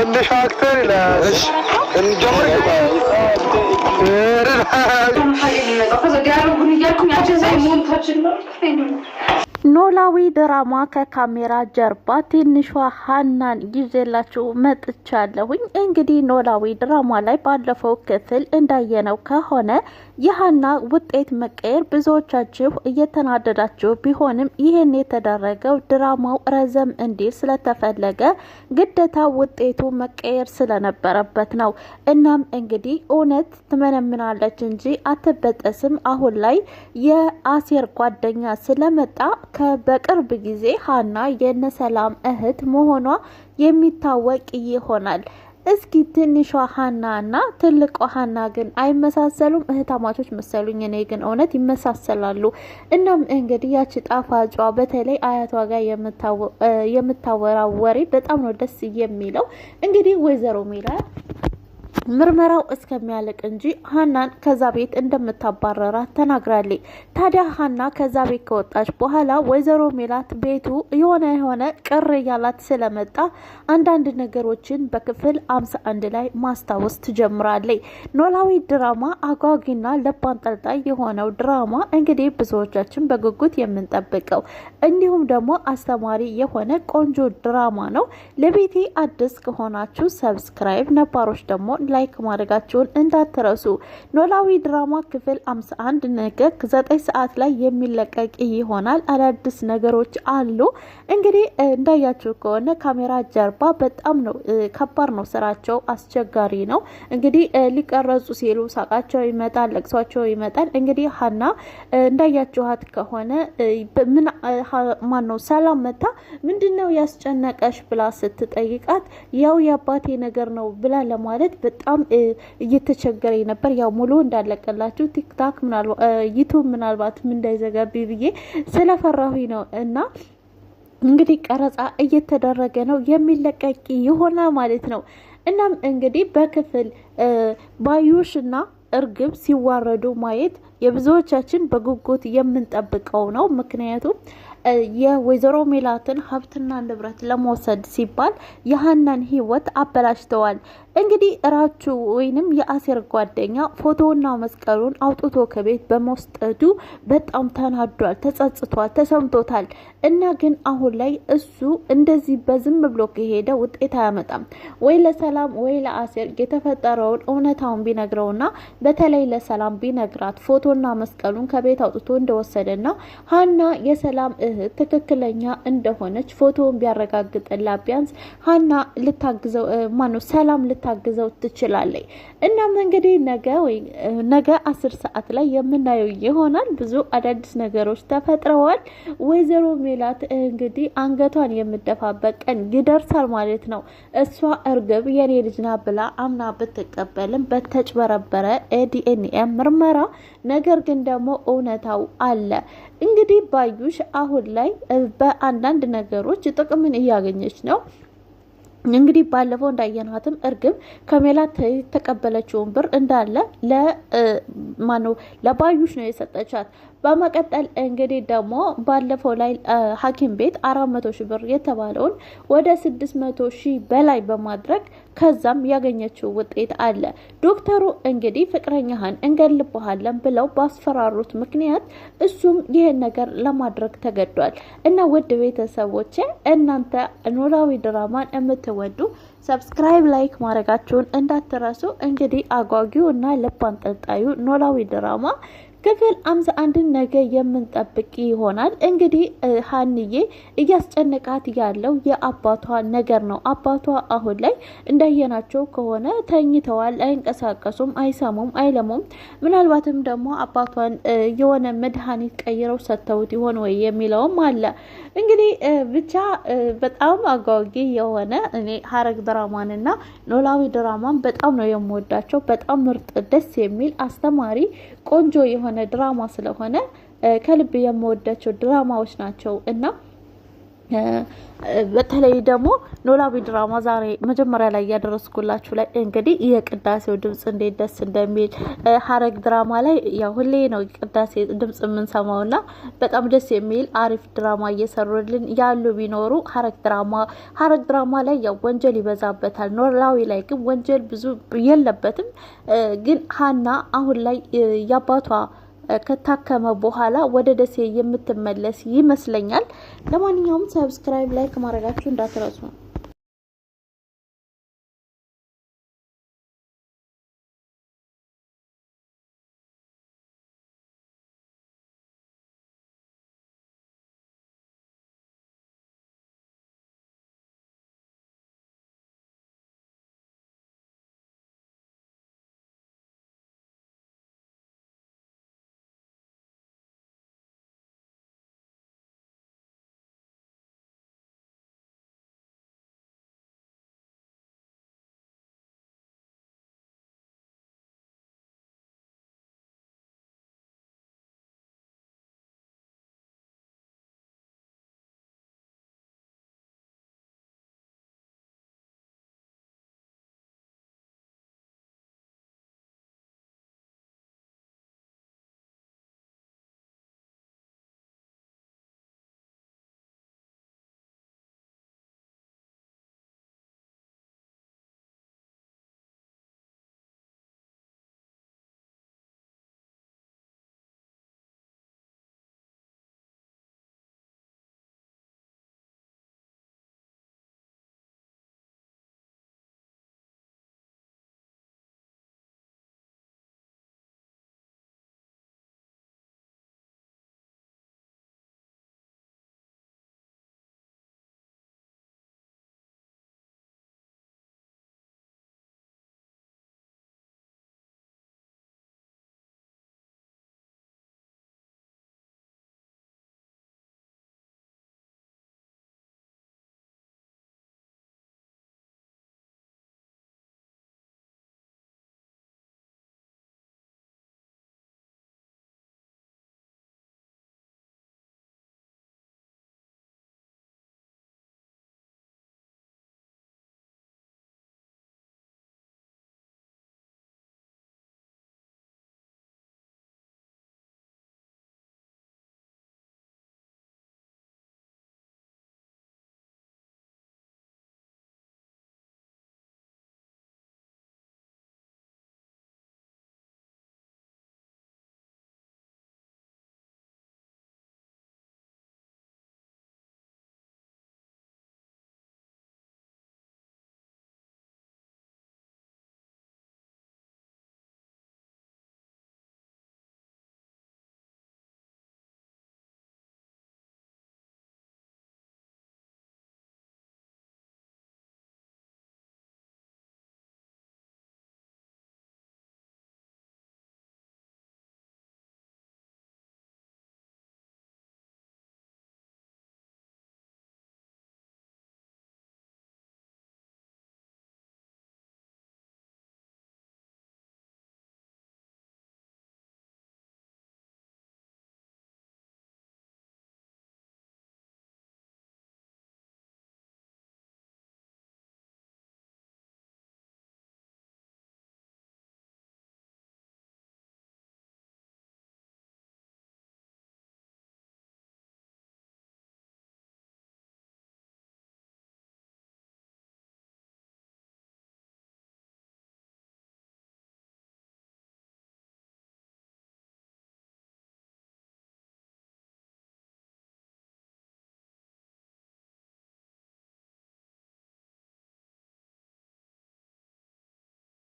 ትንሿ አክተር ይላል። ኖ ኖላዊ ድራማ ከካሜራ ጀርባ ትንሿ ሀናን ይዤላችሁ መጥቻለሁኝ። እንግዲህ ኖላዊ ድራማ ላይ ባለፈው ክፍል እንዳየነው ከሆነ የሀና ውጤት መቀየር ብዙዎቻችሁ እየተናደዳችሁ ቢሆንም ይህን የተደረገው ድራማው ረዘም እንዲል ስለተፈለገ ግዴታ ውጤቱ መቀየር ስለነበረበት ነው። እናም እንግዲህ እውነት ትመነምናለች እንጂ አትበጠስም። አሁን ላይ የአሴር ጓደኛ ስለመጣ ከ በቅርብ ጊዜ ሀና ሰላም እህት መሆኗ የሚታወቅ ይሆናል። እስኪ ትንሿ ሀና እና ትልቋ ሀና ግን አይመሳሰሉም? እህታማቾች መሰሉኝ። እኔ ግን እውነት ይመሳሰላሉ። እናም እንግዲህ ያቺ ጣፋጯ በተለይ አያቷ ጋር የምታወራ ወሬ በጣም ነው ደስ የሚለው። እንግዲህ ወይዘሮ ሜላት ምርመራው እስከሚያልቅ እንጂ ሀናን ከዛ ቤት እንደምታባረራት ተናግራለች። ታዲያ ሀና ከዛ ቤት ከወጣች በኋላ ወይዘሮ ሜላት ቤቱ የሆነ የሆነ ቅር እያላት ስለመጣ አንዳንድ ነገሮችን በክፍል አምሳ አንድ ላይ ማስታወስ ትጀምራለች። ኖላዊ ድራማ አጓጊና ልብ አንጠልጣይ የሆነው ድራማ እንግዲህ ብዙዎቻችን በጉጉት የምንጠብቀው እንዲሁም ደግሞ አስተማሪ የሆነ ቆንጆ ድራማ ነው። ለቤቴ አዲስ ከሆናችሁ ሰብስክራይብ፣ ነባሮች ደግሞ ላይክ ማድረጋችሁን እንዳትረሱ። ኖላዊ ድራማ ክፍል 51 ነገ ዘጠኝ ሰዓት ላይ የሚለቀቅ ይሆናል። አዳዲስ ነገሮች አሉ። እንግዲህ እንዳያችሁ ከሆነ ካሜራ ጀርባ በጣም ነው ከባድ ነው ስራቸው፣ አስቸጋሪ ነው። እንግዲህ ሊቀረጹ ሲሉ ሳቃቸው ይመጣል፣ ለቅሷቸው ይመጣል። እንግዲህ ሀና እንዳያችኋት ከሆነ ምን ማን ነው ሰላም መታ ምንድን ነው ያስጨነቀሽ ብላ ስትጠይቃት ያው የአባቴ ነገር ነው ብላ ለማለት በጣም በጣም እየተቸገረ ነበር። ያው ሙሉ እንዳለቀላችሁ ቲክታክ ዩቱብ ምናልባትም እንዳይዘጋቢ ብዬ ስለፈራሁኝ ነው እና እንግዲህ ቀረጻ እየተደረገ ነው የሚለቀቅ የሆነ ማለት ነው። እናም እንግዲህ በክፍል ባዩሽና እርግብ ሲዋረዱ ማየት የብዙዎቻችን በጉጉት የምንጠብቀው ነው። ምክንያቱም የወይዘሮ ሜላትን ሀብትና ንብረት ለመውሰድ ሲባል የሀናን ህይወት አበላሽተዋል። እንግዲህ እራቹ ወይንም የአሴር ጓደኛ ፎቶና መስቀሉን አውጥቶ ከቤት በመውስጠዱ በጣም ተናዷል፣ ተጸጽቷል፣ ተሰምቶታል። እና ግን አሁን ላይ እሱ እንደዚህ በዝም ብሎ ከሄደ ውጤት አያመጣም። ወይ ለሰላም ወይ ለአሴር የተፈጠረውን እውነታውን ቢነግረውና በተለይ ለሰላም ቢነግራት ፎቶና መስቀሉን ከቤት አውጥቶ እንደወሰደና ሀና የሰላም እህት ትክክለኛ እንደሆነች ፎቶውን ቢያረጋግጥላት ቢያንስ ሀና ልታግዘው ማነው ሰላም ልታግዘው ትችላለች። እናም እንግዲህ ነገ ወይ ነገ አስር ሰዓት ላይ የምናየው ይሆናል። ብዙ አዳዲስ ነገሮች ተፈጥረዋል። ወይዘሮ ሜላት እንግዲህ አንገቷን የምደፋበት ቀን ይደርሳል ማለት ነው። እሷ እርግብ የኔ ልጅና ብላ አምና ብትቀበልም በተጭበረበረ ኤዲኤንኤ ምርመራ ነገር ግን ደግሞ እውነታው አለ። እንግዲህ ባዩሽ አሁን ላይ በአንዳንድ ነገሮች ጥቅምን እያገኘች ነው። እንግዲህ ባለፈው እንዳየናትም እርግብ ከሜላት የተቀበለችውን ብር እንዳለ ለማነው ለባዩሽ ነው የሰጠቻት። በመቀጠል እንግዲህ ደግሞ ባለፈው ላይ ሐኪም ቤት አራት መቶ ሺህ ብር የተባለውን ወደ ስድስት መቶ ሺህ በላይ በማድረግ ከዛም ያገኘችው ውጤት አለ። ዶክተሩ እንግዲህ ፍቅረኛህን እንገልብሃለን ብለው ባስፈራሩት ምክንያት እሱም ይህን ነገር ለማድረግ ተገዷል። እና ውድ ቤተሰቦች እናንተ ኖላዊ ድራማን የምትወዱ ሰብስክራይብ፣ ላይክ ማድረጋችሁን እንዳትረሱ። እንግዲህ አጓጊው እና ልብ አንጠልጣዩ ኖላዊ ድራማ ክፍል አምሳ አንድን ነገ የምንጠብቅ ይሆናል። እንግዲህ ሀንዬ እያስጨነቃት ያለው የአባቷ ነገር ነው። አባቷ አሁን ላይ እንዳየናቸው ከሆነ ተኝተዋል፣ አይንቀሳቀሱም፣ አይሰሙም፣ አይለሙም። ምናልባትም ደግሞ አባቷን የሆነ መድኃኒት ቀይረው ሰጥተውት ይሆን ወይ የሚለውም አለ። እንግዲህ ብቻ በጣም አጓጊ የሆነ እኔ ሀረግ ድራማንና ኖላዊ ድራማን በጣም ነው የምወዳቸው። በጣም ምርጥ ደስ የሚል አስተማሪ ቆንጆ የሆነ የሆነ ድራማ ስለሆነ ከልብ የምወዳቸው ድራማዎች ናቸው እና በተለይ ደግሞ ኖላዊ ድራማ ዛሬ መጀመሪያ ላይ እያደረስኩላችሁ ላይ እንግዲህ የቅዳሴው ድምፅ እንዴት ደስ እንደሚል ሀረግ ድራማ ላይ ያው ሁሌ ነው ቅዳሴ ድምፅ የምንሰማው እና በጣም ደስ የሚል አሪፍ ድራማ እየሰሩልን ያሉ ቢኖሩ ሀረግ ድራማ ሀረግ ድራማ ላይ ያው ወንጀል ይበዛበታል። ኖላዊ ላይ ግን ወንጀል ብዙ የለበትም። ግን ሀና አሁን ላይ የአባቷ ከታከመ በኋላ ወደ ደሴ የምትመለስ ይመስለኛል። ለማንኛውም ሰብስክራይብ፣ ላይክ ማድረጋችሁ እንዳትረሱ።